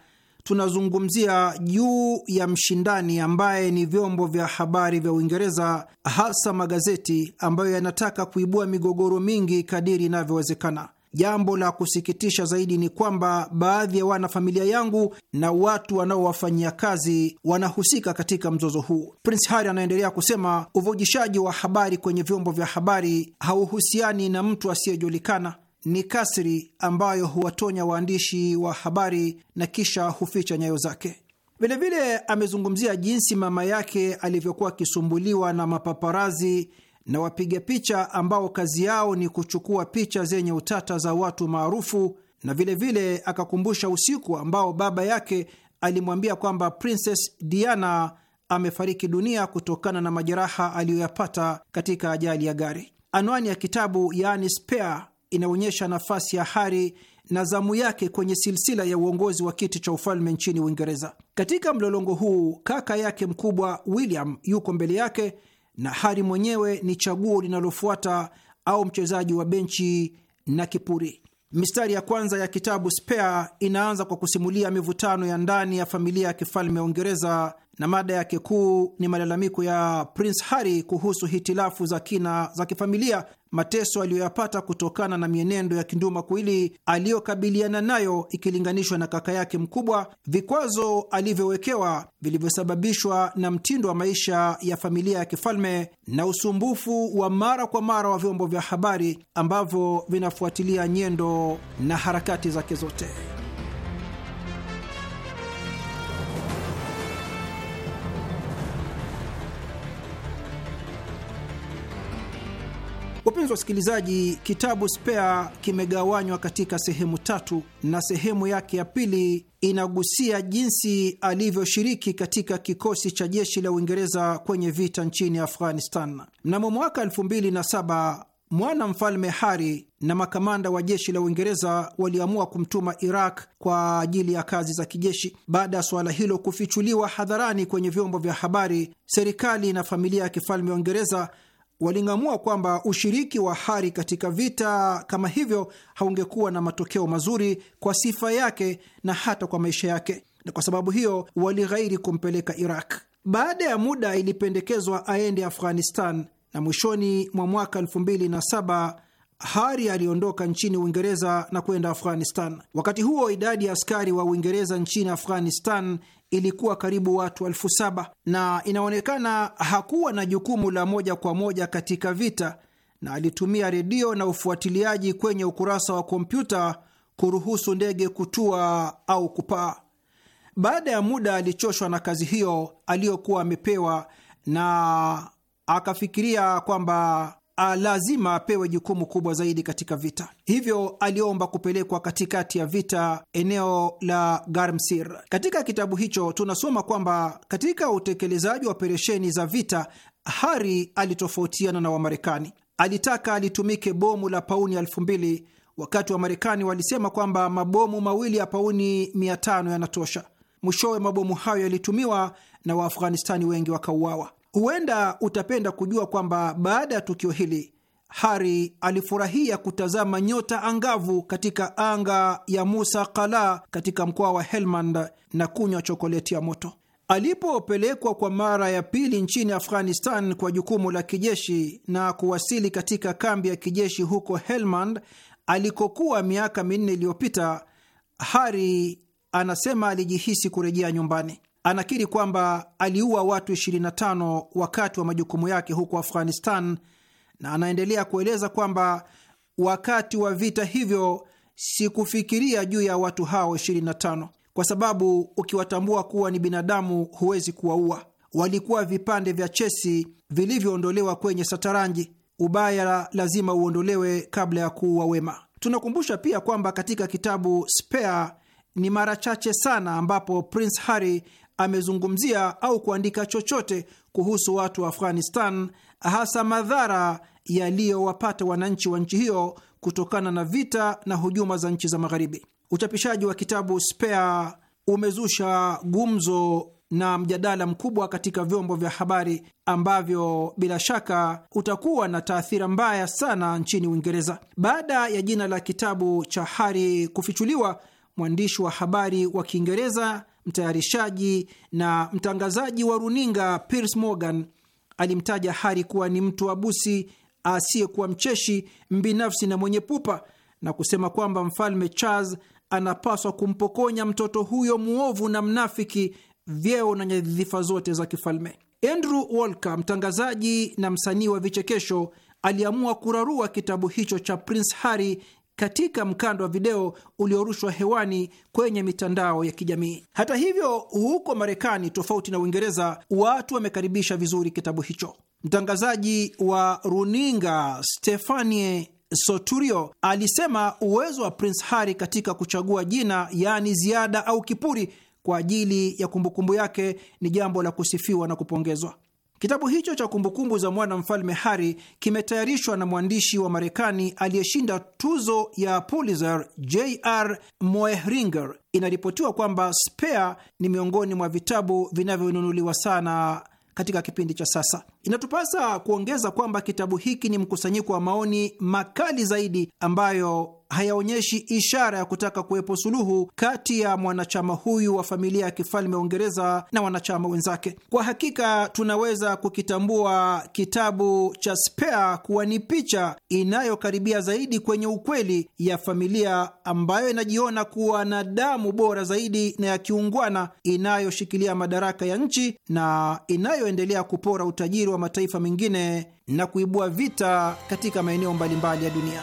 tunazungumzia juu ya mshindani ambaye ni vyombo vya habari vya Uingereza, hasa magazeti ambayo yanataka kuibua migogoro mingi kadiri inavyowezekana. Jambo la kusikitisha zaidi ni kwamba baadhi ya wanafamilia yangu na watu wanaowafanyia kazi wanahusika katika mzozo huu. Prince Harry anaendelea kusema, uvujishaji wa habari kwenye vyombo vya habari hauhusiani na mtu asiyejulikana, ni kasri ambayo huwatonya waandishi wa habari na kisha huficha nyayo zake. Vilevile amezungumzia jinsi mama yake alivyokuwa akisumbuliwa na mapaparazi na wapiga picha ambao kazi yao ni kuchukua picha zenye utata za watu maarufu, na vilevile vile akakumbusha usiku ambao baba yake alimwambia kwamba Princess Diana amefariki dunia kutokana na majeraha aliyoyapata katika ajali ya gari. Anwani ya kitabu yaani Spare inaonyesha nafasi ya hari na zamu yake kwenye silsila ya uongozi wa kiti cha ufalme nchini Uingereza. Katika mlolongo huu, kaka yake mkubwa William yuko mbele yake na Hari mwenyewe ni chaguo linalofuata au mchezaji wa benchi na kipuri. Mistari ya kwanza ya kitabu Spare inaanza kwa kusimulia mivutano ya ndani ya familia ya kifalme ya Uingereza na mada yake kuu ni malalamiko ya Prince Harry kuhusu hitilafu za kina za kifamilia, mateso aliyoyapata kutokana na mienendo ya kinduma kuili aliyokabiliana nayo ikilinganishwa na kaka yake mkubwa, vikwazo alivyowekewa vilivyosababishwa na mtindo wa maisha ya familia ya kifalme na usumbufu wa mara kwa mara wa vyombo vya habari ambavyo vinafuatilia nyendo na harakati zake zote. Wapenzi wasikilizaji, kitabu Spare kimegawanywa katika sehemu tatu, na sehemu yake ya pili inagusia jinsi alivyoshiriki katika kikosi cha jeshi la Uingereza kwenye vita nchini Afghanistan. Mnamo mwaka 2007 mwana mfalme Hari na makamanda wa jeshi la Uingereza waliamua kumtuma Iraq kwa ajili ya kazi za kijeshi. Baada ya suala hilo kufichuliwa hadharani kwenye vyombo vya habari, serikali na familia ya kifalme wa Uingereza waling'amua kwamba ushiriki wa Hari katika vita kama hivyo haungekuwa na matokeo mazuri kwa sifa yake na hata kwa maisha yake, na kwa sababu hiyo walighairi kumpeleka Iraq. Baada ya muda ilipendekezwa aende Afghanistan, na mwishoni mwa mwaka 2007 Hari aliondoka nchini Uingereza na kwenda Afghanistan. Wakati huo idadi ya askari wa Uingereza nchini Afghanistan ilikuwa karibu watu elfu saba na inaonekana hakuwa na jukumu la moja kwa moja katika vita, na alitumia redio na ufuatiliaji kwenye ukurasa wa kompyuta kuruhusu ndege kutua au kupaa. Baada ya muda alichoshwa na kazi hiyo aliyokuwa amepewa na akafikiria kwamba a, lazima apewe jukumu kubwa zaidi katika vita. Hivyo aliomba kupelekwa katikati ya vita eneo la Garmsir. Katika kitabu hicho tunasoma kwamba katika utekelezaji wa operesheni za vita, Hari alitofautiana na Wamarekani. Alitaka alitumike bomu la pauni elfu mbili wakati wa Marekani walisema kwamba mabomu mawili ya pauni mia tano yanatosha. Mwishowe mabomu hayo yalitumiwa na Waafghanistani wengi wakauawa. Huenda utapenda kujua kwamba baada ya tukio hili Hari alifurahia kutazama nyota angavu katika anga ya Musa Qala katika mkoa wa Helmand na kunywa chokoleti ya moto. Alipopelekwa kwa mara ya pili nchini Afghanistan kwa jukumu la kijeshi na kuwasili katika kambi ya kijeshi huko Helmand alikokuwa miaka minne iliyopita, Hari anasema alijihisi kurejea nyumbani. Anakiri kwamba aliua watu 25 wakati wa majukumu yake huko Afghanistan na anaendelea kueleza kwamba wakati wa vita hivyo sikufikiria juu ya watu hao 25 kwa sababu ukiwatambua kuwa ni binadamu huwezi kuwaua. Walikuwa vipande vya chesi vilivyoondolewa kwenye sataranji. Ubaya lazima uondolewe kabla ya kuua wema. Tunakumbusha pia kwamba katika kitabu Spare ni mara chache sana ambapo Prince Harry amezungumzia au kuandika chochote kuhusu watu wa Afghanistan, hasa madhara yaliyowapata wananchi wa nchi hiyo kutokana na vita na hujuma za nchi za Magharibi. Uchapishaji wa kitabu Spare umezusha gumzo na mjadala mkubwa katika vyombo vya habari ambavyo bila shaka utakuwa na taathira mbaya sana nchini Uingereza. Baada ya jina la kitabu cha Hari kufichuliwa, mwandishi wa habari wa Kiingereza mtayarishaji na mtangazaji wa runinga Piers Morgan alimtaja Hari kuwa ni mtu abusi asiyekuwa mcheshi, mbinafsi na mwenye pupa, na kusema kwamba mfalme Charles anapaswa kumpokonya mtoto huyo mwovu na mnafiki vyeo na nyadhifa zote za kifalme. Andrew Walker, mtangazaji na msanii wa vichekesho, aliamua kurarua kitabu hicho cha Prince Harry katika mkanda wa video uliorushwa hewani kwenye mitandao ya kijamii. Hata hivyo, huko Marekani, tofauti na Uingereza, watu wamekaribisha vizuri kitabu hicho. Mtangazaji wa runinga Stefanie Soturio alisema uwezo wa Prince Harry katika kuchagua jina, yaani ziada au kipuri, kwa ajili ya kumbukumbu yake ni jambo la kusifiwa na kupongezwa. Kitabu hicho cha kumbukumbu za mwana mfalme Harry kimetayarishwa na mwandishi wa Marekani aliyeshinda tuzo ya Pulitzer J.R. Moehringer. Inaripotiwa kwamba Spare ni miongoni mwa vitabu vinavyonunuliwa sana katika kipindi cha sasa. Inatupasa kuongeza kwamba kitabu hiki ni mkusanyiko wa maoni makali zaidi ambayo hayaonyeshi ishara ya kutaka kuwepo suluhu kati ya mwanachama huyu wa familia ya kifalme wa Uingereza na wanachama wenzake. Kwa hakika tunaweza kukitambua kitabu cha Spare kuwa ni picha inayokaribia zaidi kwenye ukweli ya familia ambayo inajiona kuwa na damu bora zaidi na ya kiungwana inayoshikilia madaraka ya nchi na inayoendelea kupora utajiri wa mataifa mengine na kuibua vita katika maeneo mbalimbali ya dunia.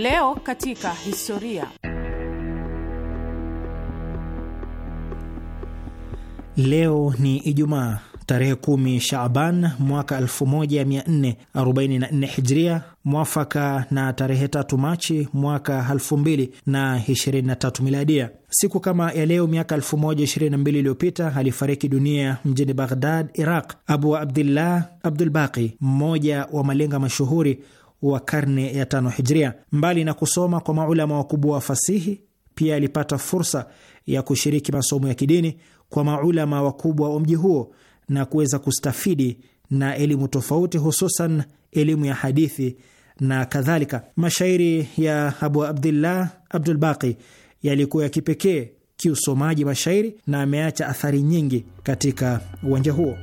Leo katika historia. Leo ni Ijumaa tarehe 10 Shaaban mwaka 1444 Hijria, mwafaka na tarehe 3 Machi mwaka 2023 Miladia. Siku kama ya leo miaka 1022 iliyopita alifariki dunia mjini Baghdad, Iraq, Abu Abdillah Abdul Baqi, mmoja wa malenga mashuhuri wa karne ya tano hijria. Mbali na kusoma kwa maulama wakubwa wa fasihi, pia alipata fursa ya kushiriki masomo ya kidini kwa maulama wakubwa wa mji huo na kuweza kustafidi na elimu tofauti, hususan elimu ya hadithi na kadhalika. Mashairi ya Abu Abdillah Abdul Baqi yalikuwa ya kipekee kiusomaji mashairi na ameacha athari nyingi katika uwanja huo.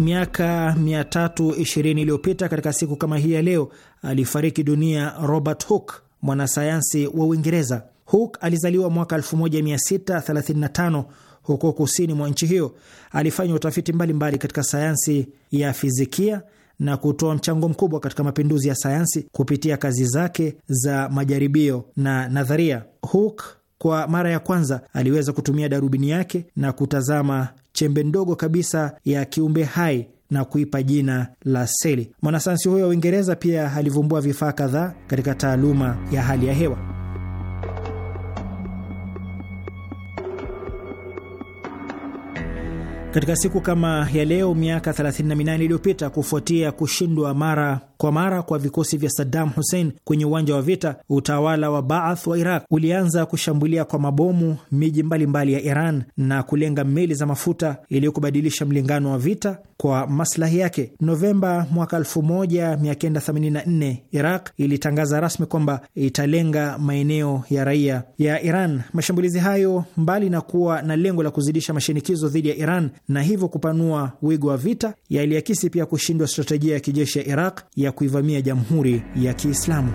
miaka 320 iliyopita katika siku kama hii ya leo alifariki dunia Robert Hooke, mwanasayansi wa Uingereza. Hooke alizaliwa mwaka 1635 huko kusini mwa nchi hiyo. Alifanya utafiti mbalimbali mbali katika sayansi ya fizikia na kutoa mchango mkubwa katika mapinduzi ya sayansi kupitia kazi zake za majaribio na nadharia. Hooke kwa mara ya kwanza aliweza kutumia darubini yake na kutazama chembe ndogo kabisa ya kiumbe hai na kuipa jina la seli. Mwanasayansi huyo wa Uingereza pia alivumbua vifaa kadhaa katika taaluma ya hali ya hewa. Katika siku kama ya leo miaka 38 iliyopita, kufuatia kushindwa mara kwa mara kwa vikosi vya Saddam Hussein kwenye uwanja wa vita, utawala wa Baath wa Iraq ulianza kushambulia kwa mabomu miji mbalimbali ya Iran na kulenga meli za mafuta ili kubadilisha mlingano wa vita kwa maslahi yake. Novemba mwaka 1984 Iraq ilitangaza rasmi kwamba italenga maeneo ya raia ya Iran. Mashambulizi hayo, mbali na kuwa na lengo la kuzidisha mashinikizo dhidi ya Iran na hivyo kupanua wigo wa vita, yaliakisi pia kushindwa stratejia ya kijeshi ya Iraq ya ya kuivamia Jamhuri ya Kiislamu.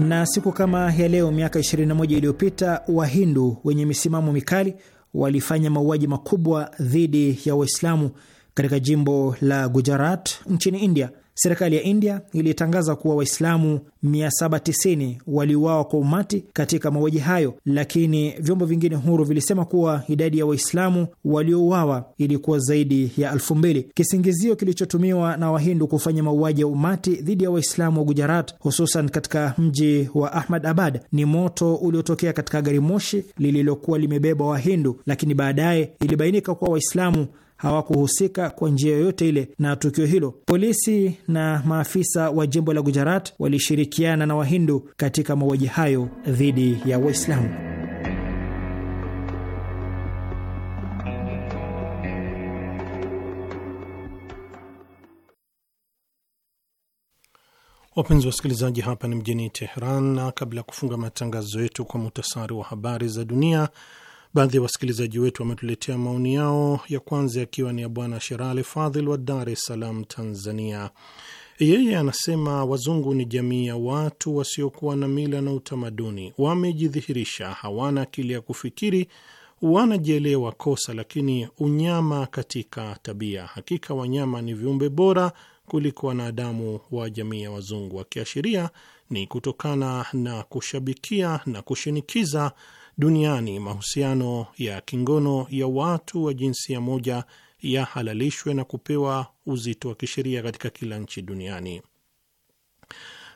Na siku kama ya leo miaka 21 iliyopita Wahindu wenye misimamo mikali walifanya mauaji makubwa dhidi ya Waislamu katika jimbo la Gujarat nchini India. Serikali ya India ilitangaza kuwa Waislamu 790 waliuawa kwa umati katika mauaji hayo, lakini vyombo vingine huru vilisema kuwa idadi ya Waislamu waliouawa ilikuwa zaidi ya elfu mbili. Kisingizio kilichotumiwa na Wahindu kufanya mauaji ya umati dhidi ya Waislamu wa Gujarat, hususan katika mji wa Ahmad Abad, ni moto uliotokea katika gari moshi lililokuwa limebeba Wahindu, lakini baadaye ilibainika kuwa Waislamu hawakuhusika kwa njia yoyote ile na tukio hilo. Polisi na maafisa wa jimbo la Gujarat walishirikiana na Wahindu katika mauaji hayo dhidi ya Waislamu. Wapenzi wasikilizaji, hapa ni mjini Teheran, na kabla ya kufunga matangazo yetu kwa muhtasari wa habari za dunia Baadhi ya wasikilizaji wetu wametuletea maoni yao, ya kwanza yakiwa ni ya Bwana Sherale Fadhil wa Dar es Salaam, Tanzania. Yeye anasema wazungu ni jamii ya watu wasiokuwa na mila na utamaduni, wamejidhihirisha, hawana akili ya kufikiri, wanajielewa kosa, lakini unyama katika tabia. Hakika wanyama ni viumbe bora kuliko wanadamu wa jamii ya wazungu, akiashiria ni kutokana na kushabikia na kushinikiza duniani mahusiano ya kingono ya watu wa jinsia moja yahalalishwe na kupewa uzito wa kisheria katika kila nchi duniani.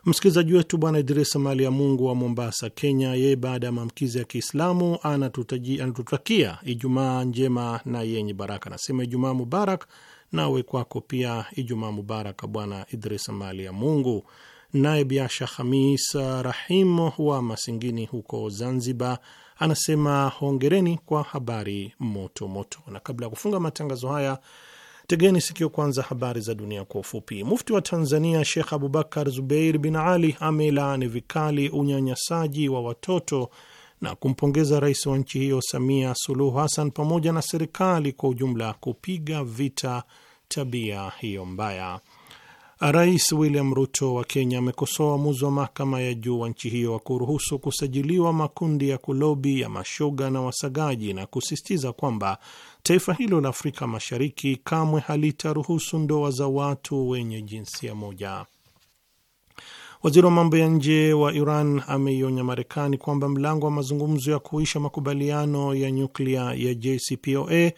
Msikilizaji wetu Bwana Idrisa Mali ya Mungu wa Mombasa, Kenya, yeye baada ya maamkizi ya Kiislamu anatutakia Ijumaa njema na yenye baraka. Anasema Ijumaa mubarak, nawe kwako pia Ijumaa mubaraka, Bwana Idrisa Mali ya Mungu. Naye Biasha Khamis Rahim wa Masingini huko Zanzibar, anasema hongereni kwa habari moto moto. Na kabla ya kufunga matangazo haya, tegeni sikio kwanza habari za dunia kwa ufupi. Mufti wa Tanzania shekh Abubakar Zubeir bin Ali amelaani vikali unyanyasaji wa watoto na kumpongeza rais wa nchi hiyo Samia Suluhu Hassan pamoja na serikali kwa ujumla kupiga vita tabia hiyo mbaya. Rais William Ruto wa Kenya amekosoa uamuzi wa mahakama ya juu wa nchi hiyo wa kuruhusu kusajiliwa makundi ya kulobi ya mashoga na wasagaji na kusisitiza kwamba taifa hilo la Afrika Mashariki kamwe halitaruhusu ndoa za watu wenye jinsia moja. Waziri wa mambo ya nje wa Iran ameionya Marekani kwamba mlango wa mazungumzo ya kuisha makubaliano ya nyuklia ya JCPOA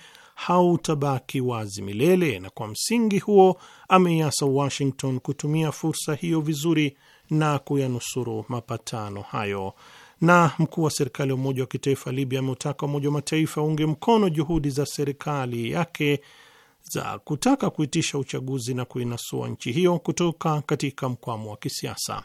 hautabaki wazi milele, na kwa msingi huo ameiasa Washington kutumia fursa hiyo vizuri na kuyanusuru mapatano hayo. Na mkuu wa serikali ya Umoja wa Kitaifa Libya ameutaka Umoja wa Mataifa aunge mkono juhudi za serikali yake za kutaka kuitisha uchaguzi na kuinasua nchi hiyo kutoka katika mkwamo wa kisiasa.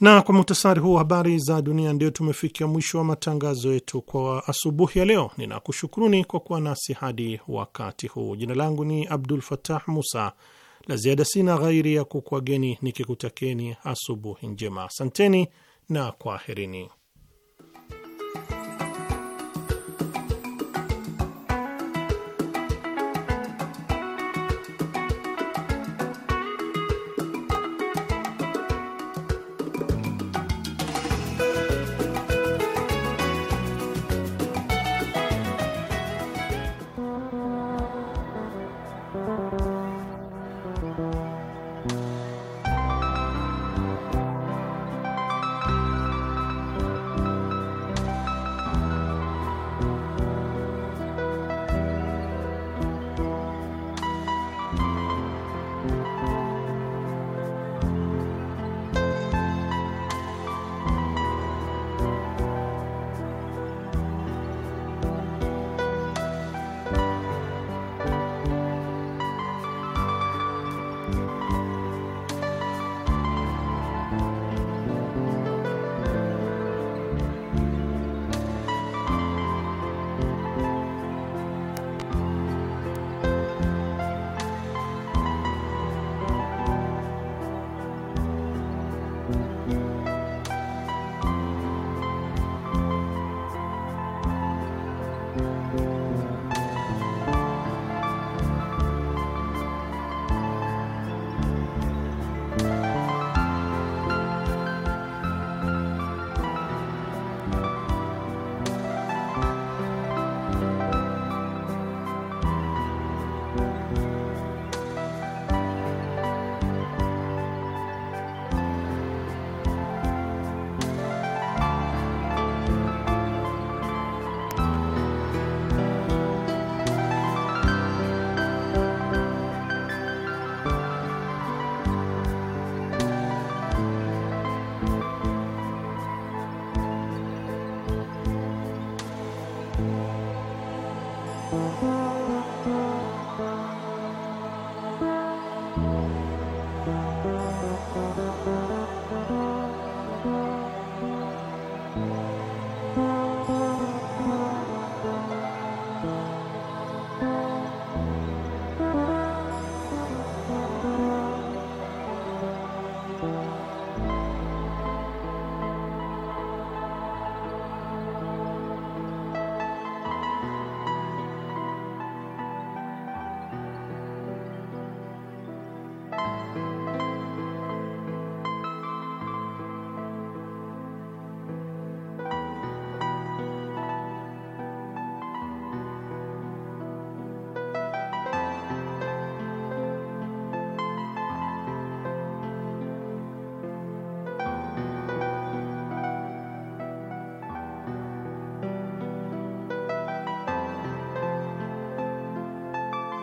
Na kwa muhtasari huu wa habari za dunia, ndio tumefikia mwisho wa matangazo yetu kwa asubuhi ya leo. Ninakushukuruni kwa kuwa nasi hadi wakati huu. Jina langu ni Abdul Fatah Musa. La ziada sina ghairi ya kukwageni nikikutakeni asubuhi njema. Asanteni na kwaherini.